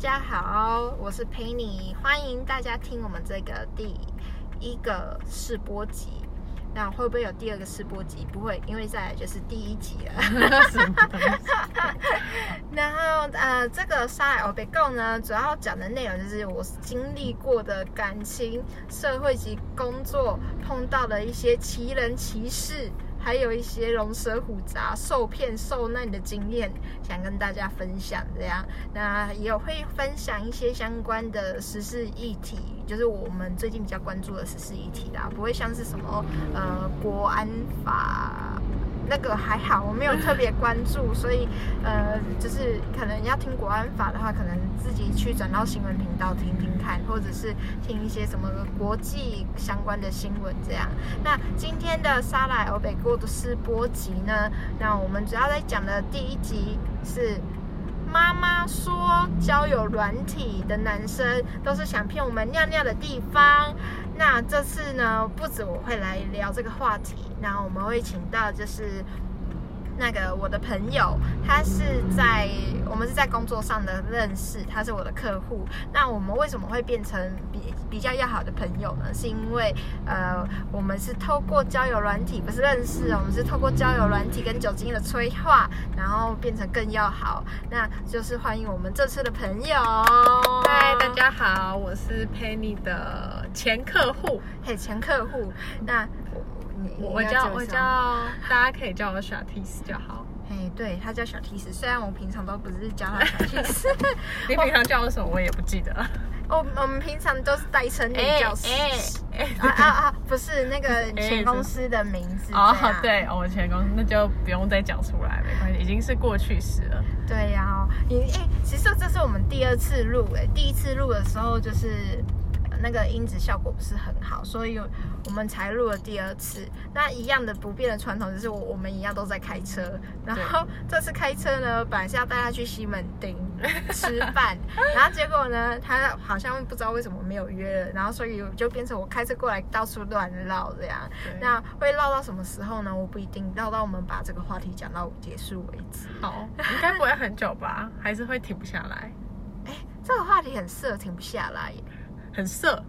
大家好，我是佩妮，歡迎大家聽我們這個第一個試播集。那會不會有第二個試播集？不會，因為再來就是第一集了。 什麼東西？ 然後呃，這個《Sound on Talk》呢，主要講的內容就是我經歷過的感情、社會及工作碰到了一些奇人奇事。還有一些龍蛇虎雜、受騙受難的經驗，想跟大家分享這樣。那也會分享一些相關的時事議題，就是我們最近比較關注的時事議題啦，不會像是什麼呃國安法。那個還好，我沒有特別關注，所以呃，就是可能要聽國安法的話，可能自己去轉到新聞頻道聽聽看，或者是聽一些什麼國際相關的新聞這樣。那今天的《沙萊歐北過渡式波集》呢？那我們主要在講的第一集是媽媽說，交友軟體的男生都是想騙我們尿尿的地方。那這次呢，不止我會來聊這個話題，然後我們會請到就是那個我的朋友，他是在我們是在工作上的認識，他是我的客戶。那我們為什麼會變成比？比較要好的朋友呢，是因為，呃，我們是透過交友軟體，不是認識，我們是透過交友軟體跟酒精的催化，然後變成更要好。那就是歡迎我們這次的朋友。嗨，大家好，我是 Penny 的前客戶。嘿，前客戶，那我我叫，我叫叫我叫，大家可以叫我小 T 就好。嘿，對，他叫小 T，雖然我平常都不是叫他小 T， 你平常叫我什麼？我也不記得了。我、哦、我們平常都是代稱女教師，啊、欸、啊啊，不是那個前公司的名字啊、欸哦。對，們、哦、前公司、嗯、那就不用再講出來沒關係，已經是過去式了。對呀、啊，你、欸、其實這是我們第二次錄，第一次錄的時候就是。那個音質效果不是很好，所以我們才錄了第二次。那一樣的不變的傳統就是我我們一樣都在開車，然後這次開車呢，本來是要帶他去西門町吃飯， 然後結果呢，他好像不知道為什麼沒有約了，然後所以就變成我開車過來到處亂繞這樣。那會繞到什麼時候呢？我不一定繞到我們把這個話題講到結束為止。好，應該不會很久吧？ 還是會停不下來？哎、欸，這個話題很適合，停不下來。很色，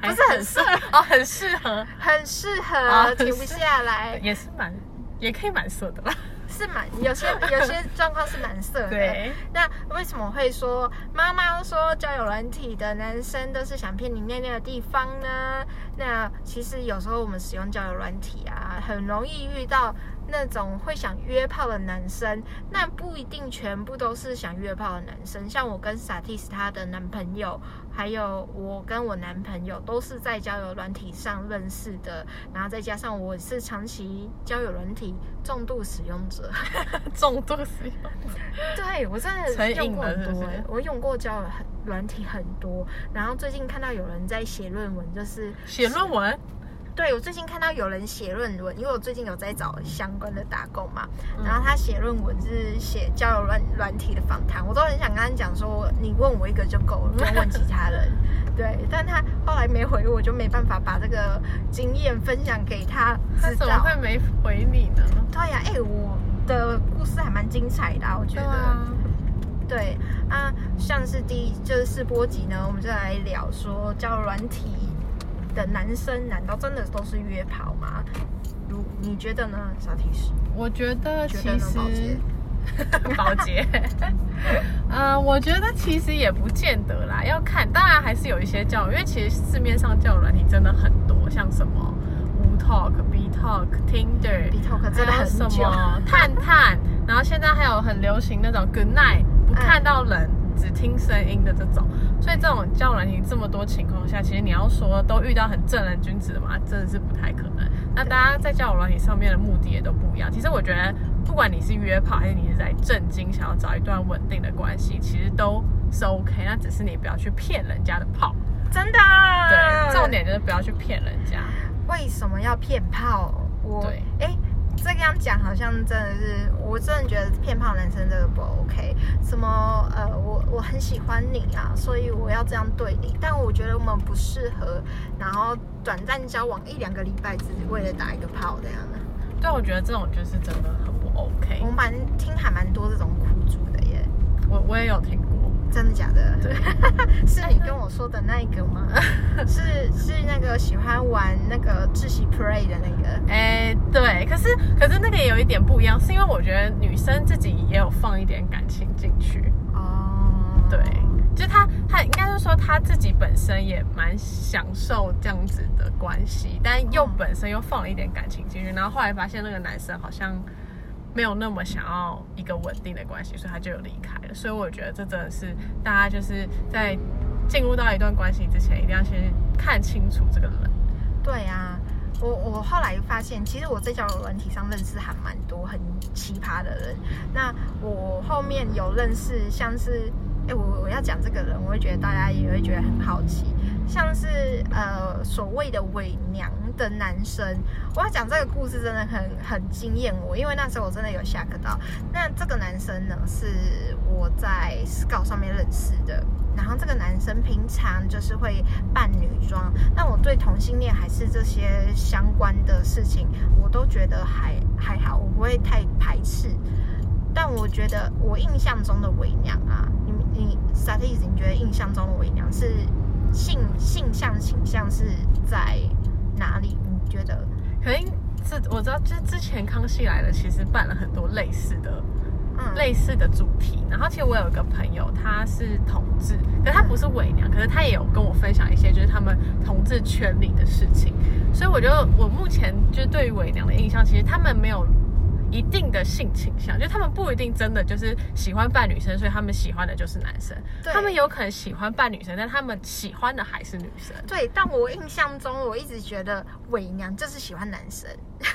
很色，不是很色哦？很適合，很適合，啊，很適合，停不下來，也是蠻，也可以蠻色的啦，是蠻有些 有些狀況是蠻色的。對，那為什麼會說媽媽說交友軟體的男生都是想騙你尿尿的地方呢？那其實有時候我們使用交友軟體啊，很容易遇到。那種會想約炮的男生，那不一定全部都是想約炮的男生。像我跟 Satis 他的男朋友，還有我跟我男朋友，都是在交友軟體上認識的。然後再加上我是長期交友軟體重度使用者， 重度使用者， 對，我真的用過很多，欸是是，我用過交友軟體很多。然後最近看到有人在寫論文，就是寫論文。對我最近看到有人寫論文，因為我最近有在找相關的打工嘛，嗯、然後他寫論文是寫交友軟軟體的訪談，我都很想跟他講說，你問我一個就夠了，不用問其他人。 對，但他後來沒回我，就沒辦法把這個經驗分享給他。他怎麼會沒回你呢？對呀、啊，哎，我的故事還蠻精彩的，我覺得。對啊。對啊，像是第一就是四波集呢，我們就來聊說交友軟體的男生難道真的都是約炮嗎？如你覺得呢？小提示，我覺得其實得保潔，嗯 保潔笑 呃，我覺得其實也不見得啦，要看。當然還是有一些交友，因為其實市面上交友軟體真的很多，像什麼 Wootalk、B Talk、Tinder、B Talk，真的很什麼 探探，然後現在還有很流行那種 Good Night，不看到人。嗯只聽聲音的這種，所以這種交友軟體這麼多情況下，其實你要說都遇到很正人君子的嘛，真的是不太可能。那大家在交友軟體上面的目的也都不一樣。其實我覺得，不管你是約炮，還是你是在正經想要找一段穩定的關係，其實都是 OK。那只是你不要去騙人家的炮，真的。對，重點就是不要去騙人家。為什麼要騙炮？我，對，哎。這樣講好像真的是，我真的覺得騙炮男生真的不 OK。什麼，呃，我我很喜歡你啊，所以我要這樣對你。但我覺得我們不適合，然後短暫交往一兩個禮拜，只是為了打一個炮這樣。對，我覺得這種就是真的很不 OK。我蠻聽還蠻多這種苦主的耶。我我也有聽過。真的假的？對，是你跟我說的那一個嗎？欸、是 是，是那個喜歡玩那個窒息 play 的那個？哎、欸，對，可是可是那個也有一點不一樣，是因為我覺得女生自己也有放一點感情進去。哦、嗯，對，就他他應該是說他自己本身也蠻享受這樣子的關係，但又本身又放了一點感情進去，然後後來發現那個男生好像，沒有那麼想要一個穩定的關係，所以他就有離開了。所以我覺得這真的是大家就是在進入到一段關係之前，一定要先看清楚這個人。對啊，我我後來發現，其實我在交友軟體上認識還蠻多很奇葩的人。那我後面有認識，像是哎，我我要講這個人，我會覺得大家也會覺得很好奇。像是呃，所謂的偽娘的男生，我要講這個故事真的很很驚艷我，因為那時候我真的有嚇個到。那這個男生呢，是我在 Skout 上面認識的。然後這個男生平常就是會扮女裝，但我對同性戀還是這些相關的事情，我都覺得還還好，我不會太排斥。但我覺得我印象中的偽娘啊，你你 Statis，你覺得印象中的偽娘是？性性向傾向是在哪裡？你覺得可能是我知道，就之前康熙來了其實辦了很多類似的、嗯、類似的主題。然後其實我有一個朋友，他是同志，可是他不是偽娘、嗯，可是他也有跟我分享一些就是他們同志圈裡的事情。所以我覺得我目前就是對於偽娘的印象，其實他們沒有。一定的性傾向，就他們不一定真的就是喜歡扮女生，所以他們喜歡的就是男生。對，他們有可能喜歡扮女生，但他們喜歡的還是女生。對，但我印象中，我一直覺得偽娘就是喜歡男生。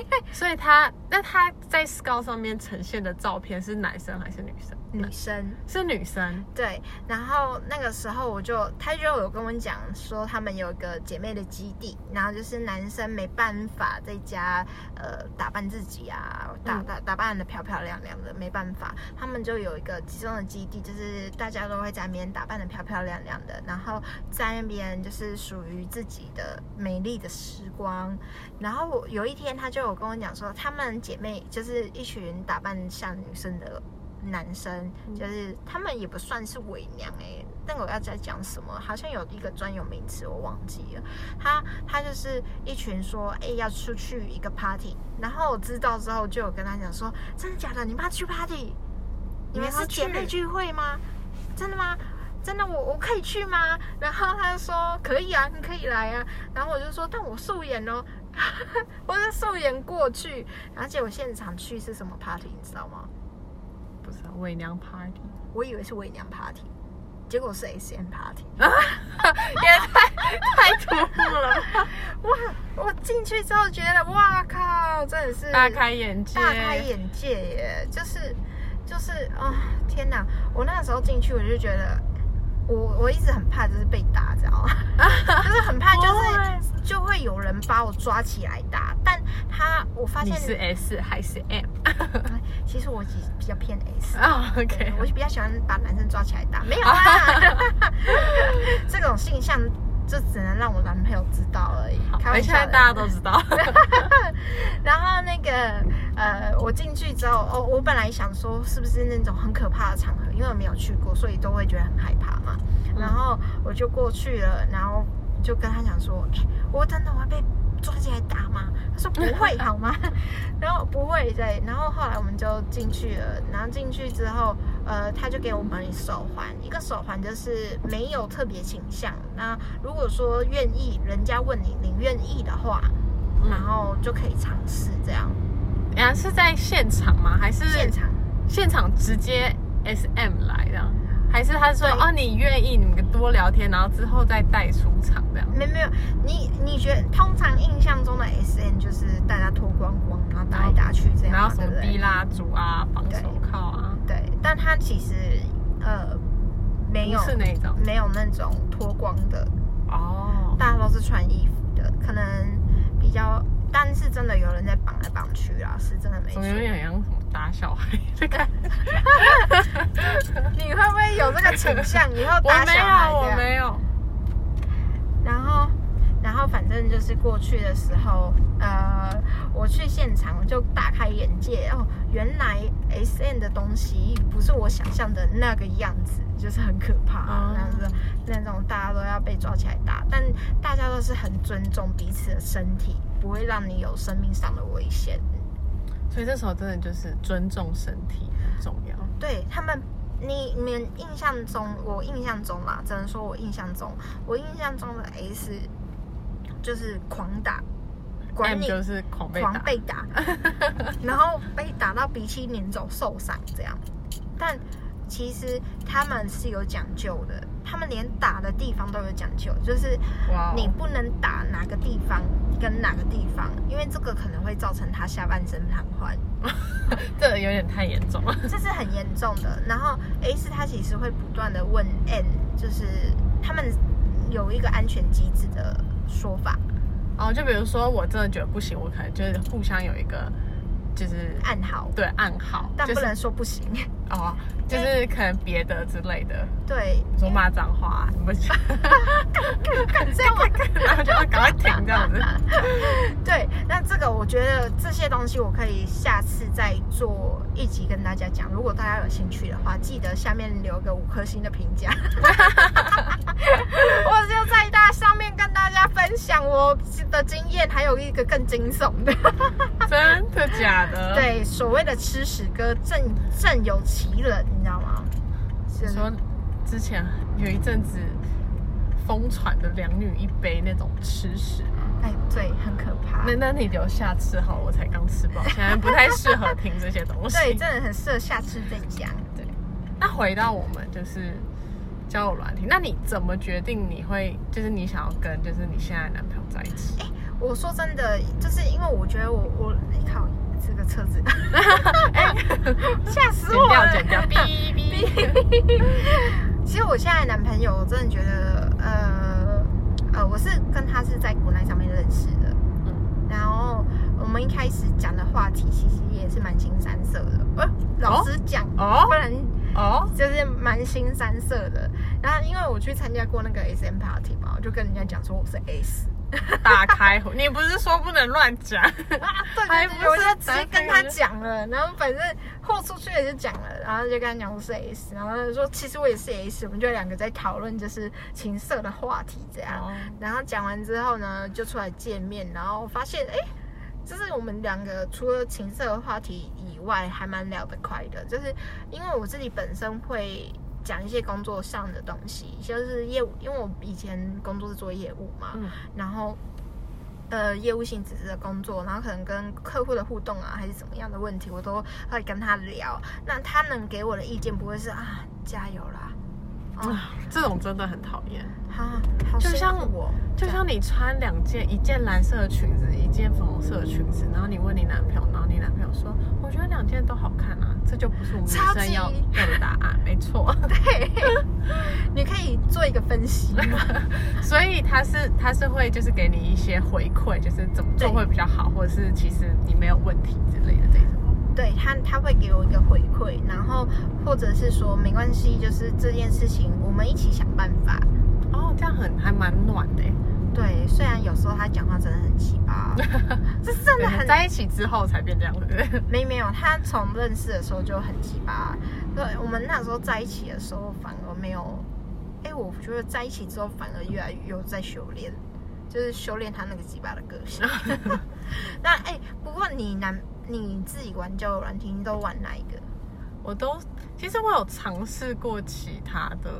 所以他那他在 Skout 上面呈現的照片是男生還是女生？女生是女生，對。然後那個時候我就他就有跟我講說，他們有一個姐妹的基地，然後就是男生沒辦法在家呃打扮自己啊，打打打扮的漂漂亮亮的，沒辦法，他們就有一個集中的基地，就是大家都會在那邊打扮的漂漂亮亮的，然後在那邊就是屬於自己的美麗的時光。然後有一天他就。我跟我講說，她們姐妹就是一群打扮像女生的男生，嗯、就是他們也不算是偽娘哎、欸。但我要再講什麼？好像有一個專有名詞，我忘記了。他她就是一群說，哎、欸，要出去一個 party。然後我知道之後，就有跟他講說，真的假的？你們去 party？你們是姐妹聚會嗎？真的嗎？真的我我可以去嗎？然後他就說可以啊，你可以來啊。然後我就說，但我素顏哦。 我是素顏過去，而且我現場去是什麼 party，你知道嗎？不知道偽娘 party，我以為是偽娘 party，結果是 SM party， 也太 太突兀了。哇， 我進去之後覺得，哇靠，真的是大開眼界，大開眼界耶！就是就是啊、呃，天哪！我那時候進去，我就覺得。我我一直很怕，就是被打，知道嗎？ 就是很怕，就是、oh、就會有人把我抓起來打。但他我發現你是 S 還是 M？ 其實我只比較偏 S 啊、oh, okay。OK，我就比較喜歡把男生抓起來打。沒有啊， 這種現象。這只能讓我男朋友知道而已。開玩笑，大家都知道。 然後那個呃，我進去之後，哦，我本來想說是不是那種很可怕的場合，因為我沒有去過，所以都會覺得很害怕嘛。嗯、然後我就過去了，然後就跟他講說，我真的我被。抓起來打嗎？他說不會好嗎？嗯、然後不會對，然後後來我們就進去了。然後進去之後，呃，他就給我們一手環，一個手環就是沒有特別傾向。那如果說願意，人家問你，你願意的話，然後就可以嘗試這樣。然、嗯、後、嗯啊、是在現場嗎？還是現場？現場直接 SM 來的、啊。還是他說哦，你願意你們多聊天，然後之後再帶出場這樣。沒沒有，你你覺得通常印象中的 SM 就是大家脫光光，然後打來打去這樣、啊然，然後什麼滴蠟燭啊，防手銬啊。對，但他其實呃沒有，不是那種沒有那種脫光的哦，oh. 大家都是穿衣服的，可能比較。但是真的有人在綁來綁去啊，是真的沒去的。總覺得像什麼打小孩，這個，你會不會有這個傾向？以後打小孩？我沒有，我沒有。然後反正就是過去的時候，呃，我去現場，我就大開眼界哦，原來 SM 的東西不是我想象的那個樣子，就是很可怕，啊哦，那樣子那種大家都要被抓起來打，但大家都是很尊重彼此的身體，不會讓你有生命上的危險。所以這時候真的就是尊重身體很重要。對他們，你們印象中，我印象中啦，只能說我印象中，我印象中的 S。就是狂打，管你、M、就是狂被打， 然後被打到鼻青臉腫、受傷這樣。但其實他們是有講究的，他們連打的地方都有講究，就是你不能打哪個地方跟哪個地方，wow、因為這個可能會造成他下半身癱瘓。 這有點太嚴重了，這是很嚴重的。然後 A 是他其實會不斷的問 M，就是他們有一個安全機制的。說法，哦、oh,，就比如說，我真的覺得不行，我可能就是互相有一個，就是暗號，對暗號，但不能說不行哦、就是 oh,，就是可能別的之類的，對，說罵髒話，不行，哈哈哈哈， 然後就趕快停這樣子， 對。覺得這些東西我可以下次再做一集跟大家講。如果大家有興趣的話，記得下面留個五顆星的評價。 我就在大上面跟大家分享我的經驗，還有一個更驚悚的， 真的假的？對，所謂的吃屎哥正正有其人，你知道嗎？什麼？說之前有一陣子瘋傳的兩女一杯那種吃屎。哎，對，很可怕。那那你留下次好，我才剛吃飽。現在不太適合聽這些東西。 對，真的很適合下次再講。對。那回到我們就是交友軟體。那你怎麼決定你會就是你想要跟就是你現在的男朋友在一起？哎，我說真的，就是因為我覺得我我你看這個車子， 哎，嚇 死我了！剪掉，剪掉，嗶嗶。其實我現在的男朋友，我真的覺得呃。呃，我是跟他是在國內上面認識的，嗯，然後我們一開始講的話題其實也是蠻腥羶色的，呃、啊，老實講，哦，不然，哦，就是蠻腥羶色的。然後因為我去參加過那個 S M party 嘛，我就跟人家講說我是 S。 打開，你不是說不能亂講？啊、對、還不、就是直接跟他講了，然後反正豁出去也就講了，然後就跟他講我是 S，然後他說其實我也是 S，我們就兩個在討論就是情色的話題這樣，然後講完之後呢，就出來見面，然後我發現哎，就是我們兩個除了情色的話題以外，還蠻聊得快的，就是因為我自己本身會。講一些工作上的東西，就是業務，因為我以前工作是做業務嘛，然後，呃，業務性質的工作，然後可能跟客戶的互動啊，還是怎麼樣的問題，我都會跟他聊。那他能給我的意見不會是啊，加油啦。Oh. 啊，這種真的很討厭哈，就像我，就像你穿兩件，一件藍色的裙子，一件粉紅色的裙子，mm -hmm. 然後你問你男朋友，然後你男朋友說，我覺得兩件都好看啊，這就不是我們女生要要的答案，沒錯。對， 你可以做一個分析。 所以他是他是會就是給你一些回饋，就是怎麼做會比較好，或者是其實你沒有問題之類的，對。對他，他會給我一個回饋，然後或者是說沒關係，就是這件事情我們一起想辦法。哦，這樣很還蠻暖的。對，雖然有時候他講話真的很奇葩， 這真的很、嗯、在一起之後才變這樣，對不對？沒沒有，他從認識的時候就很奇葩。對，我們那時候在一起的時候反而沒有，哎，我覺得在一起之後反而越來越有在修煉，就是修煉他那個奇葩的個性。 那哎，不過你男。你自己玩交友軟件都玩哪一個？我都其實我有嘗試過其他的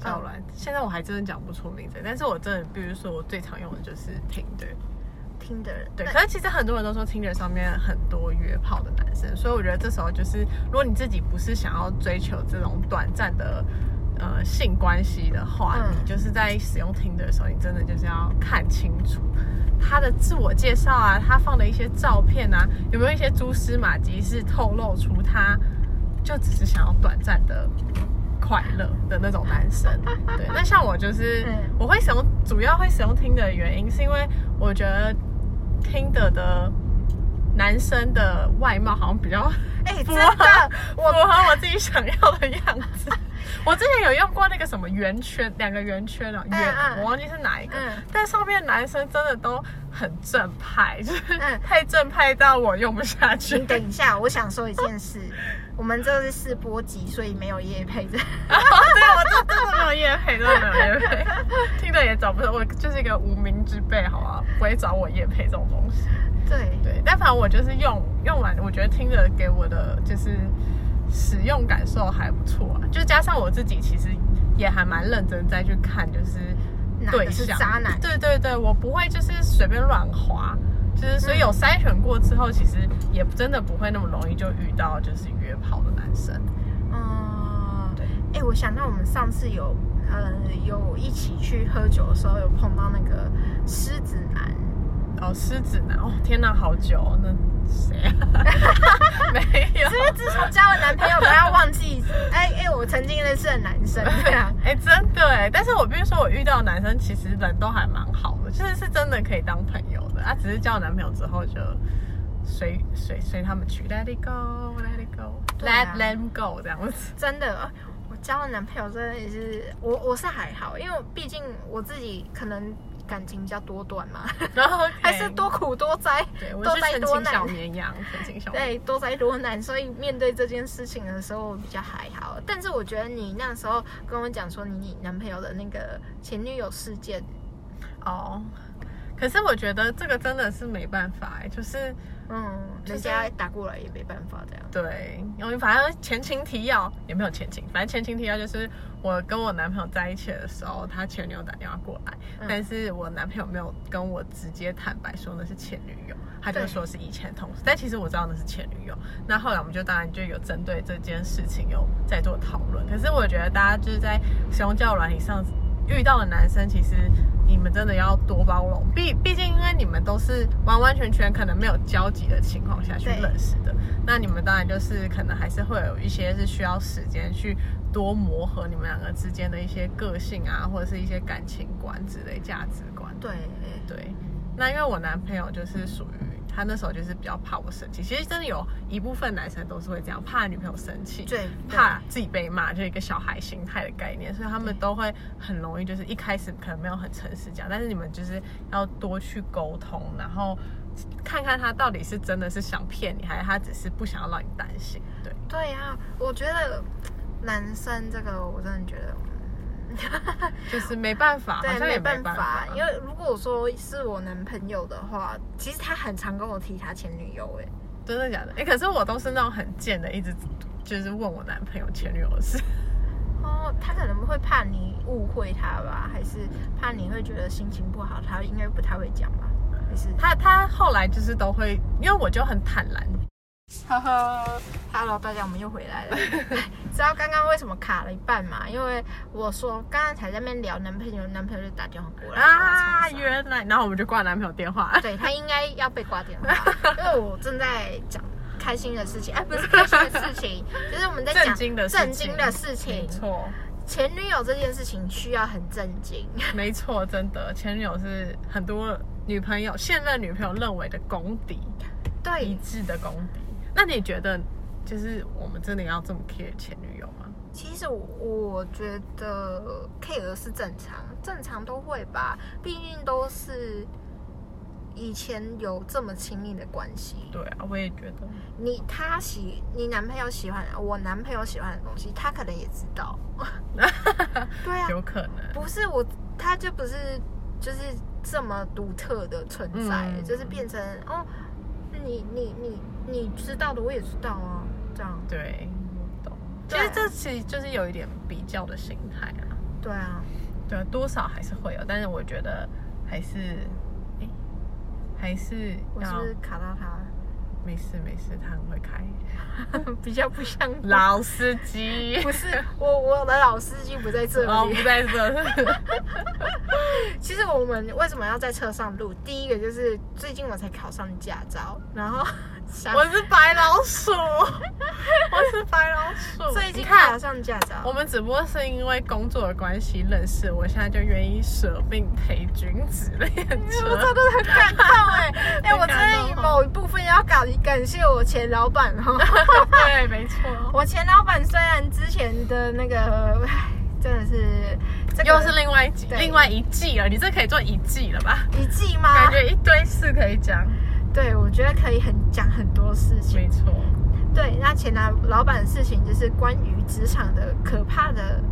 交友、嗯，現在我還真的講不出名字。但是我真的，比如說我最常用的就是 Tinder，Tinder 對。可是其實很多人都說 Tinder 上面很多約炮的男生，所以我覺得這時候就是，如果你自己不是想要追求這種短暫的呃性關係的話、嗯，你就是在使用 Tinder 的時候，你真的就是要看清楚。他的自我介紹啊，他放的一些照片啊，有沒有一些蛛絲馬跡是透露出他就只是想要短暫的快樂的那種男生？對，那像我就是我會使用，主要會使用 Tinder 的原因，是因為我覺得 Tinder 的男生的外貌好像比較。哎、欸，符合我符合我自己想要的樣子、啊。我之前有用過那個什麼圓圈，兩個圓圈了、啊，圓、嗯啊，我忘記是哪一個。嗯、但上面男生真的都很正派，就是、太正派到我用不下去。嗯、等一下，我想說一件事，哦、我們這是試播集，所以沒有業配的。啊、 對，我這真的沒有業配，真的沒有業配。聽着也找不到，我就是一個無名之輩，好吧、啊，不會找我業配這種東西。對對，但反正我就是用用完，我覺得聽着給我的就是使用感受還不錯啊。就加上我自己，其實也還蠻認真在去看，就是對象，哪個是渣男。對對對，我不會就是隨便亂滑，就是所以有篩選過之後，其實也真的不會那麼容易就遇到就是約炮的男生。嗯，對。哎、欸，我想到我們上次有呃有一起去喝酒的時候，有碰到那個獅子男。哦，獅子男哦，天啊，好久、哦，那誰啊？ 沒有，是不是自從交了男朋友不要忘記？哎 哎、欸欸，我曾經認識的男生，對啊，哎、欸，真的，但是我必須說我遇到的男生其實人都還蠻好的，其實是真的可以當朋友的。他、啊、只是交了男朋友之後就隨隨隨他們去，let it go，let it go，let、啊、them go 這樣子。真的，我交了男朋友真的也是我我是還好，因為畢竟我自己可能。感情比較多段嘛，然、okay, 後還是多苦多災，多災多難。小綿羊，對，多災多難。所以面對這件事情的時候，我比較還好。但是我覺得你那時候跟我講說你你男朋友的那個前女友事件，哦、oh.。可是我覺得這個真的是沒辦法、欸，哎，就是，嗯、就是，人家打過來也沒辦法這樣。對，因、哦、為反正前情提要也沒有前情，反正前情提要就是我跟我男朋友在一起的時候，他前女友打電話過來、嗯，但是我男朋友沒有跟我直接坦白說那是前女友，他就說是以前同事，但其實我知道那是前女友。那後來我們就當然就有針對這件事情有在做討論。可是我覺得大家就是在使用交友軟體上遇到的男生，其實。你們真的要多包容，畢畢竟因為你們都是完完全全可能沒有交集的情況下去認識的，那你們當然就是可能還是會有一些是需要時間去多磨合你們兩個之間的一些個性啊，或者是一些感情觀之類價值觀。對對對。那因為我男朋友就是屬於。他那時候就是比較怕我生氣，其實真的有一部分男生都是會這樣，怕女朋友生氣，對，怕自己被罵，就一個小孩心態的概念，所以他們都會很容易，就是一開始可能沒有很誠實講，但是你們就是要多去溝通，然後看看他到底是真的是想騙你，還是他只是不想要讓你擔心，對。對呀，我覺得男生這個我真的覺得。 就是沒辦法，對，沒辦法。因為如果說是我男朋友的話， 其實他很常跟我提他前女友。哎，真的假的？哎、欸，可是我都是那種很賤的，一直就是問我男朋友前女友的事。哦，他可能會怕你誤會他吧，還是怕你會覺得心情不好？他應該不太會講吧？還是他他後來就是都會，因為我就很坦然。呵呵 Hello 大家，我們又回來了。 知道剛剛為什麼卡了一半嗎？因為我說剛剛才在那邊聊男朋友，男朋友就打電話過來啊。原來，然後我們就掛男朋友電話。對，他應該要被掛電話， 因為我正在講開心的事情。哎、 啊，不是開心的事情， 就是我們在講震驚的事情。震驚的事情，沒錯。前女友這件事情需要很震驚。沒錯，真的，前女友是很多女朋友、現任女朋友認為的公敵。對，一致的公敵。那你覺得，就是我們真的要這麼 care 前女友嗎？其實我，我覺得 care 的是正常，正常都會吧，畢竟都是以前有這麼親密的關係。對啊，我也覺得。你他喜你男朋友喜歡、啊、我男朋友喜歡的東西，他可能也知道。 對啊，有可能。不是我，他就不是，就是這麼獨特的存在嗯嗯嗯，就是變成哦。你你你你知道的，我也知道啊，這樣對，懂。其實這其實就是有一點比較的心態啊。對啊，對啊，多少還是會有，但是我覺得還是，哎，還是要，我就是，是卡到他。沒事沒事，他很會開，比較不像老司機。不是我我的老司機不在這裡，oh, 不在這。 其實我們為什麼要在車上錄？第一個就是最近我才考上駕照，然後我是白老鼠， 我是白老。所以已經上我們只不過是因為工作的關係認識，我現在就願意捨命陪君子樣子，我真的很感動。哎、欸、哎、欸，我真的某一部分要感感謝我前老闆哈、喔。 對，沒錯。我前老闆雖然之前的那個真的是、這個，又是另外一季，另外一季了。你這可以做一季了吧？一季嗎？感覺一堆事可以講。對，我覺得可以很講很多事情。沒錯。對，那前男老闆的事情就是關於職場的可怕的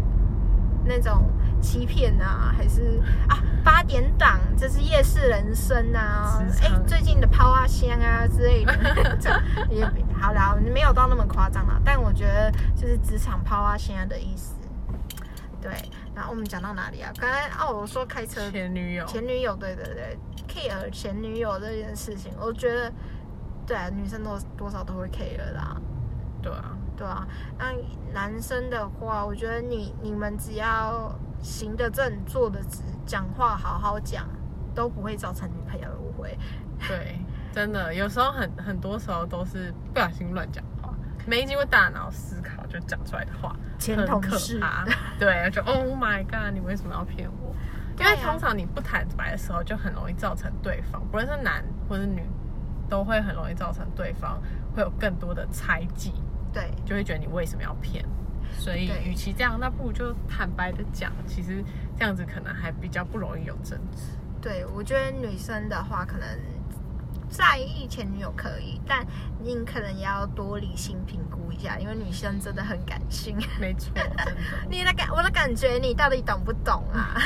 那種欺騙吶、啊，還是啊八點檔，這是夜市人生啊，哎、欸，最近的拋啊香啊之類的， 也好了，沒有到那麼誇張了。但我覺得就是職場拋啊香的意思。對，然後我們講到哪裡啊？剛才哦、啊，我說開車前女友，前女友，對對對，care 前女友這件事情，我覺得。對啊，女生都多少都會 K 了啦。對啊，對啊。那男生的話，我覺得你你們只要行得正、坐得直、講話好好講，都不會造成女朋友的誤會。對，真的，有時候很很多時候都是不小心亂講話， 沒經過大腦思考就講出來的話，前很可怕。 對啊，就 Oh my god，你為什麼要騙我？啊，因為通常你不坦白的時候，就很容易造成對方，不論是男或是女。都會很容易造成對方會有更多的猜忌，對，就會覺得你為什麼要騙，所以與其這樣，那不如就坦白的講，其實這樣子可能還比較不容易有爭執。對，我覺得女生的話可能。在意前女友可以，但你可能也要多理性評估一下，因為女生真的很感性。沒錯，真的 你的感，我的感覺，你到底懂不懂啊？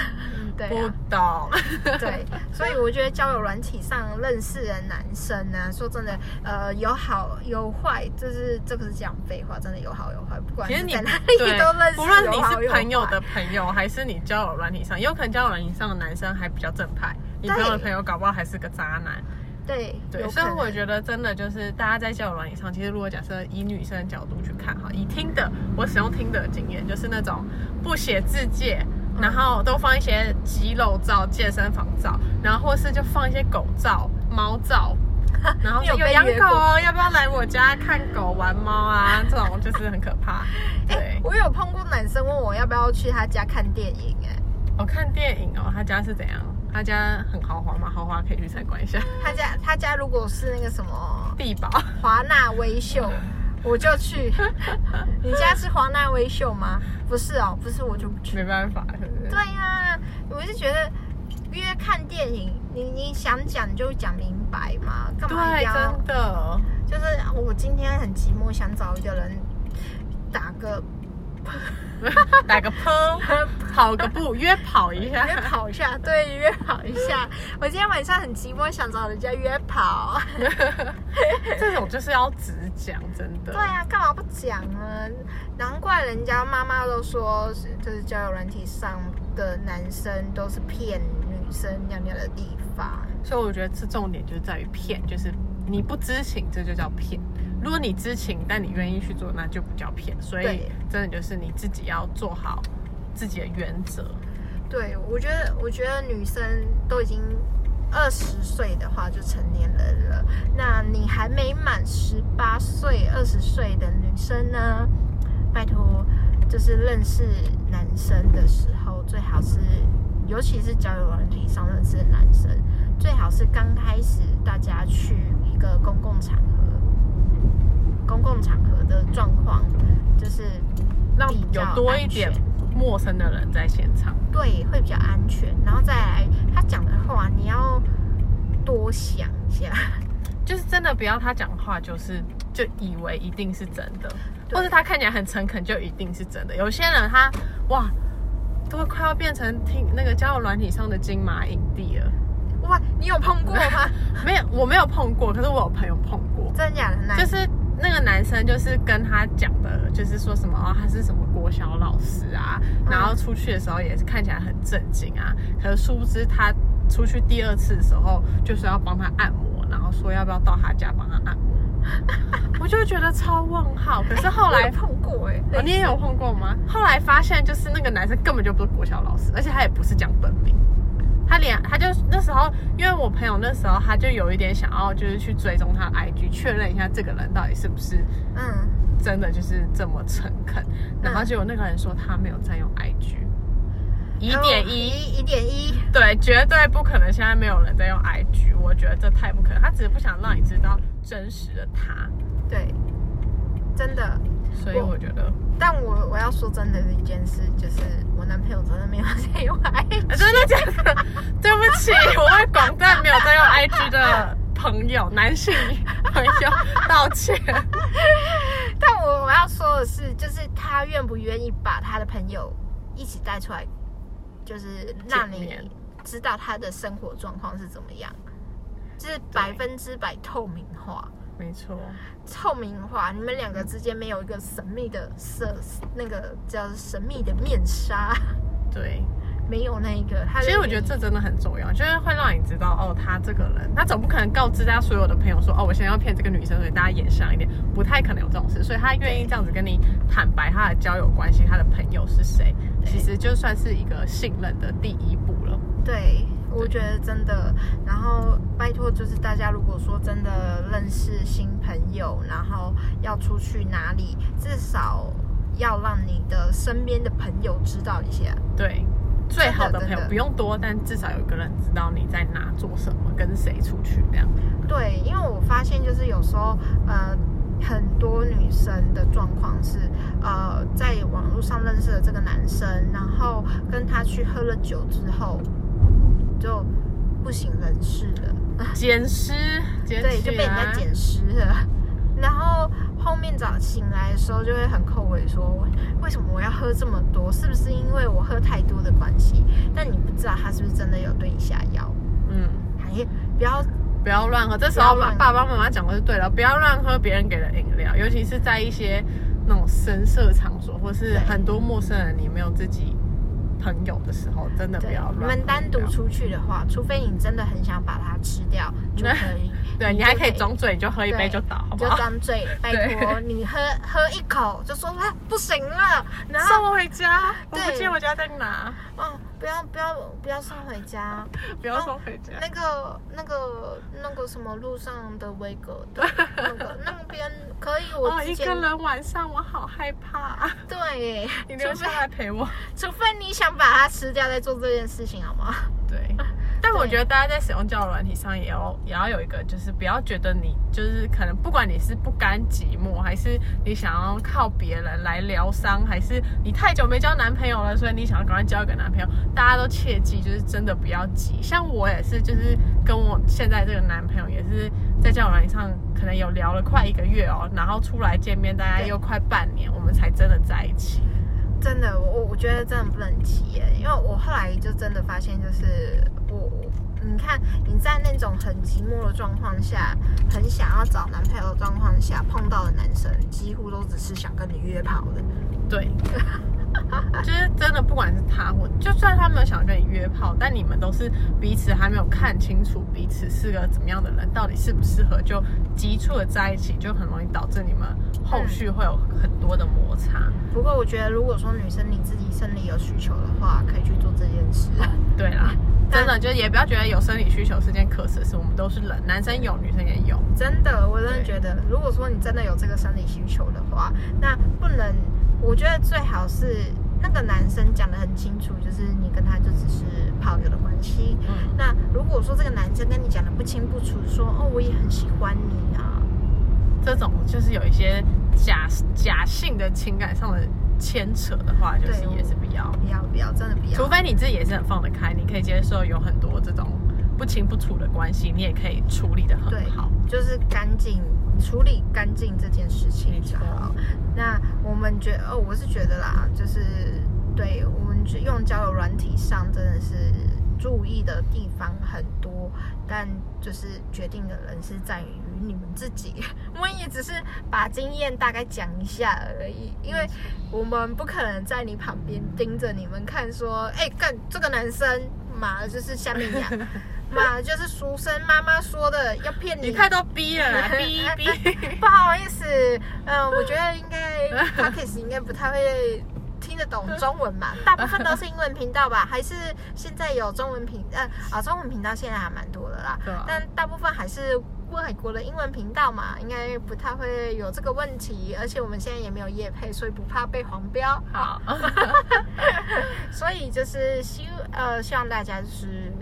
對啊，不懂。 對，所以我覺得交友軟體上認識的男生呢，說真的，呃，有好有壞，就是這個是講廢話，真的有好有壞。不管你哪裡都認識有有，不論你是朋友的朋友，還是你交友軟體上，有可能交友軟體上的男生還比較正派，你朋友的朋友搞不好還是個渣男。對對，所以我覺得真的就是大家在交友軟體上，其實如果假設以女生的角度去看哈，以聽的我使用聽的,的經驗，就是那種不寫自介、嗯，然後都放一些肌肉照、健身房照，然後或是就放一些狗照、貓照，然後 有有養狗哦，要不要來我家看狗玩貓啊？ 這種就是很可怕。對、欸，我有碰過男生問我要不要去他家看電影、啊，哎，我、哦、看電影哦，他家是怎樣？他家很豪華嘛，豪華可以去參觀一下。他家他家如果是那個什麼必保華納威秀， 我就去。 你家是華納威秀嗎？不是哦，不是我就不去沒辦法。是不是對呀、啊，我是覺得約看電影，你你想講就講明白嘛，幹嘛要？真的，就是我今天很寂寞，想找一個人打個。 打個噴，跑個步，約跑一下，約跑一下，對，約跑一下。我今天晚上很寂寞，想找人家約跑。 這種就是要直講，真的。對呀、啊，幹嘛不講呢？難怪人家媽媽都說，就是交友軟體上的男生都是騙女生尿尿的地方。所以我覺得這重點就是在於騙，就是你不知情，這就叫騙。如果你知情，但你願意去做，那就不叫騙。所以真的就是你自己要做好自己的原則。對，我覺得，我覺得女生都已經二十歲的話就成年人了。那你還沒滿十八歲、二十歲的女生呢？拜託，就是認識男生的時候，最好是，尤其是交友軟體上認識的男生，最好是剛開始大家去一個公共場合。公共場合的狀況，就是讓有多一點陌生的人在現場，對，會比較安全。然後再來，他講的話你要多想一下，就是真的不要他講話，就是就以為一定是真的，或是他看起來很誠懇就一定是真的。有些人他哇，都快要變成聽那個交友軟體上的金馬影帝了。哇，你有碰過嗎？ 沒有，我沒有碰過，可是我有朋友碰過，真假的，就是。那個男生就是跟他講的，就是說什麼啊，他是什麼國小老師啊，然後出去的時候也是看起來很正經啊，可是殊不知他出去第二次的時候就是要幫他按摩，然後說要不要到他家幫他按摩，我就覺得超問號。可是後來碰過哎，你也有碰過嗎？後來發現就是那個男生根本就不是國小老師，而且他也不是講本名。他連他就那時候，因為我朋友那時候他就有一點想要，就是去追蹤他 IG，確認一下這個人到底是不是，嗯，真的就是這麼誠懇。嗯、然後就那個人說他沒有在用 IG，疑點、嗯、一，疑點一，1. 1, 1. 對，絕對不可能現在沒有人在用 IG，我覺得這太不可能。他只是不想讓你知道真實的他，對，真的。所以我覺得我，但我我要說真的，一件事就是我男朋友真的沒有在用 IG， 真的假的？對不起，我為廣大沒有在用 IG 的朋友， 男性朋友道歉。 但我我要說的是，就是他願不願意把他的朋友一起帶出來，就是讓你知道他的生活狀況是怎麼樣，就是百分之百透明化。沒錯，透明化，你們兩個之間沒有一個神秘的色，那個叫神秘的面紗，對，沒有那一個。其實我覺得這真的很重要，就是會讓你知道哦，他這個人，他總不可能告知他所有的朋友說哦，我現在要騙這個女生，所以大家嚴防一點，不太可能有這種事，所以他願意這樣子跟你坦白他的交友關係，他的朋友是誰，其實就算是一個信任的第一步了。對。我覺得真的，然後拜托，就是大家如果說真的認識新朋友，然後要出去哪裡，至少要讓你的身邊的朋友知道一下。對，最好的朋友不用多，但至少有個人知道你在哪做什麼，跟誰出去這樣。對，因為我發現就是有時候，呃，很多女生的狀況是，呃，在網絡上認識了這個男生，然後跟他去喝了酒之後。就不省人事了撿，撿屍，對，就被人家撿屍了。 然後後面早醒來的時候就會很後悔，說為什麼我要喝這麼多？是不是因為我喝太多的關係？但你不知道他是不是真的有對你下藥。嗯，還 不要不要亂喝。這時候爸爸媽媽講的是對的，不要亂喝別人給的飲料，尤其是在一些那種聲色場所，或是很多陌生人裡，你沒有自己。朋友的時候，真的不要亂。你們單獨出去的話、嗯，除非你真的很想把它吃掉，就可以。對，你還可以裝醉你就喝一杯就倒，好不好？就裝醉，拜托你喝喝一口，就說啊不行了然後，送我回家。對我不記得我家在哪。哦，不要不要不要送回家，不要送回家。 回家哦、那個那個那個什麼路上的威格的、 那個，那個那邊可以。哦我，一個人晚上我好害怕、啊。對，你留下來陪我。除非你想。把它吃掉，再做這件事情好嗎？對，但我覺得大家在使用交友軟體上，也要也要有一個，就是不要覺得你就是可能，不管你是不甘寂寞，還是你想要靠別人來療傷，還是你太久沒交男朋友了，所以你想要趕快交一個男朋友，大家都切記，就是真的不要急。像我也是，就是跟我現在這個男朋友也是在交友軟體上，可能有聊了快一個月哦，然後出來見面，大概又快半年，我們才真的在一起。真的，我我覺得真的不能急耶，因為我後來就真的發現，就是我，我，你看你在那種很寂寞的狀況下，很想要找男朋友的狀況下碰到的男生，幾乎都只是想跟你約炮的，對。 就是真的，不管是他或就算他沒有想跟你約炮，但你們都是彼此還沒有看清楚彼此是個怎麼樣的人，到底適不適合就急促的在一起，就很容易導致你們後續會有很多的摩擦。不過我覺得，如果說女生你自己生理有需求的話，可以去做這件事。 對啦、啊，真的就也不要覺得有生理需求是件可恥的事，我們都是人，男生有，女生也有。真的，我真的覺得，如果說你真的有這個生理需求的話，那不能。我覺得最好是那個男生講得很清楚，就是你跟他就只是炮友的關係。嗯，那如果說這個男生跟你講的不清不楚，說哦，我也很喜歡你啊，這種就是有一些假假性的情感上的牽扯的話，就是也是不要不要不要真的不要。除非你自己也是很放得開，你可以接受有很多這種。不清不楚的關係，你也可以處理得很好，對，就是乾淨處理乾淨這件事情就好。沒錯。那我們覺得，哦，我是覺得啦，就是對我們用交友軟體上真的是注意的地方很多，但就是決定的人是在於你們自己。 我們也只是把經驗大概講一下而已，因為我們不可能在你旁邊盯着你們看，說，哎、欸，幹這個男生嘛，就是下面樣。 嘛，就是俗生媽媽說的，要騙你，你看到逼了，逼 逼、呃，呃呃呃、 不好意思，嗯、呃，我覺得應該 Podcast 應該不太會聽得懂中文嘛，大部分都是英文頻道吧，還是現在有中文頻，呃啊，中文頻道現在還蠻多的啦對、啊，但大部分還是外國的英文頻道嘛，應該不太會有這個問題，而且我們現在也沒有業配，所以不怕被黃標，好，啊、 所以就是希呃，希望大家就是。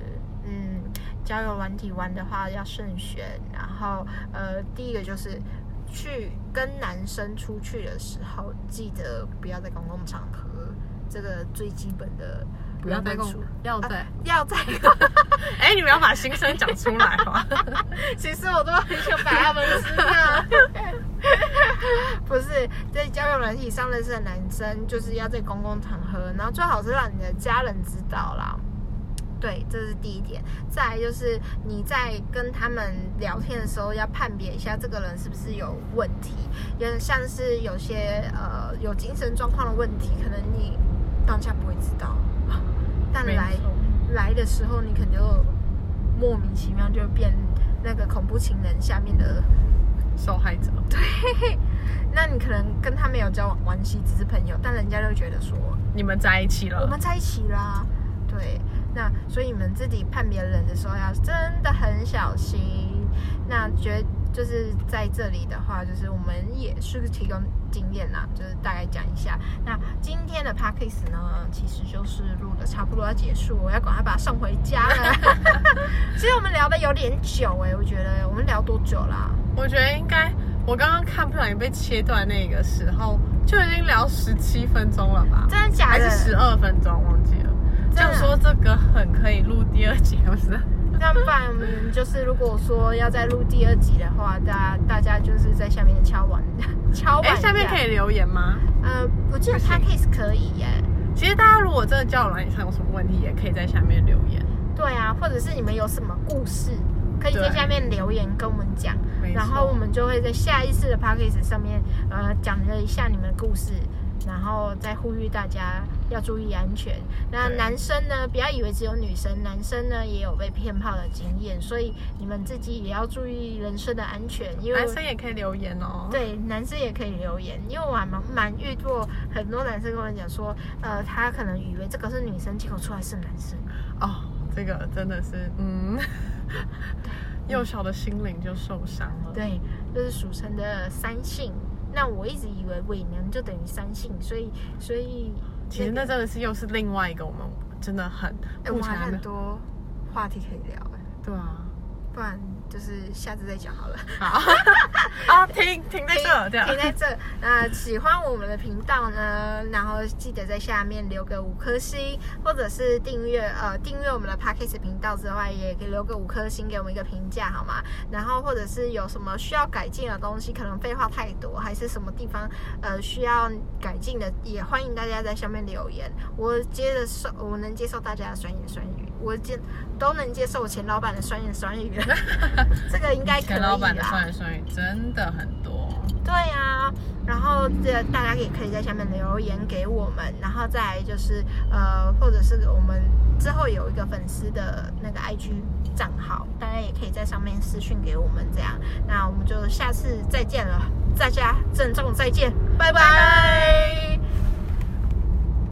交友軟體玩的話要慎選，然後呃，第一個就是去跟男生出去的時候，記得不要在公共場合，嗯、這個最基本的不要在共，要在要在，哎、啊 再共 欸，你們要把心聲講出來嗎， 其實我都很想把他們知道， 不是在交友軟體上認識的男生，就是要在公共場合，然後最好是讓你的家人知道啦。對，這是第一點。再來就是你在跟他們聊天的時候，要判別一下這個人是不是有問題。有點像是有些呃有精神狀況的問題，可能你當下不會知道，但來來的時候你可能就莫名其妙就變那個恐怖情人下面的受害者。對，那你可能跟他沒有交往關係，只是朋友，但人家就覺得說你們在一起了。我們在一起啦，對。那所以你們自己判別人的時候，要真的很小心。那覺就是在這裡的話，就是我們也是提供經驗啦，就是大概講一下。那今天的 podcast 呢，其實就是錄的差不多要結束，我要趕快把他送回家了。了。 其實我們聊的有點久，哎、欸，我覺得我們聊多久啦？我覺得應該我剛剛看不小你被切斷那個時候，就已經聊十七分鐘了吧？真的假的？還是十二分鐘？忘記了。就、啊、說這個很可以錄第二集，不是？不然我們就是如果說要再錄第二集的話，大家大家就是在下面敲碗敲碗下，下面可以留言嗎？呃，我記得 podcast 可以耶、欸。其實大家如果真的交友軟體上有什麼問題，也可以在下面留言。對啊，或者是你們有什麼故事，可以在下面留言跟我們講，然後我們就會在下一次的 podcast 上面呃講了一下你們的故事。然後再呼籲大家要注意安全。那男生呢？不要以為只有女生，男生呢也有被騙炮的經驗，所以你們自己也要注意人身的安全。因為男生也可以留言哦。對，男生也可以留言，因為我還蠻，蠻遇過很多男生跟我講說，呃，他可能以為這個是女生，結果出來是男生。哦，這個真的是，嗯，幼 小的心靈就受傷了。對，這、就是俗稱的三性。那我一直以為偽娘就等於三性，所以所以，那個，其實那真的是又是另外一個我們真的很不常，欸，很多話題可以聊，欸，哎，對啊。不然就是下次再講好了好。好 啊，停停在這，停在這。那喜歡我們的頻道呢，然後記得在下面留個五顆星，或者是訂閱呃訂閱我們的 Podcast 頻道之外，也可以留個五顆星給我們一個評價，好嗎？然後或者是有什麼需要改進的東西，可能廢話太多，還是什麼地方呃需要改進的，也歡迎大家在下面留言。我接受，我能接受大家的酸言酸語。我接都能接受前老闆的酸言酸語了，這個應該可以、啊。前老闆的酸言酸語真的很多。對呀、啊，然後這大家也可以在下面留言給我們，然後再來就是呃，或者是我們之後有一個粉絲的那個 IG 賬號，大家也可以在上面私訊給我們這樣。那我們就下次再見了，大家鄭重再見，拜拜。拜拜。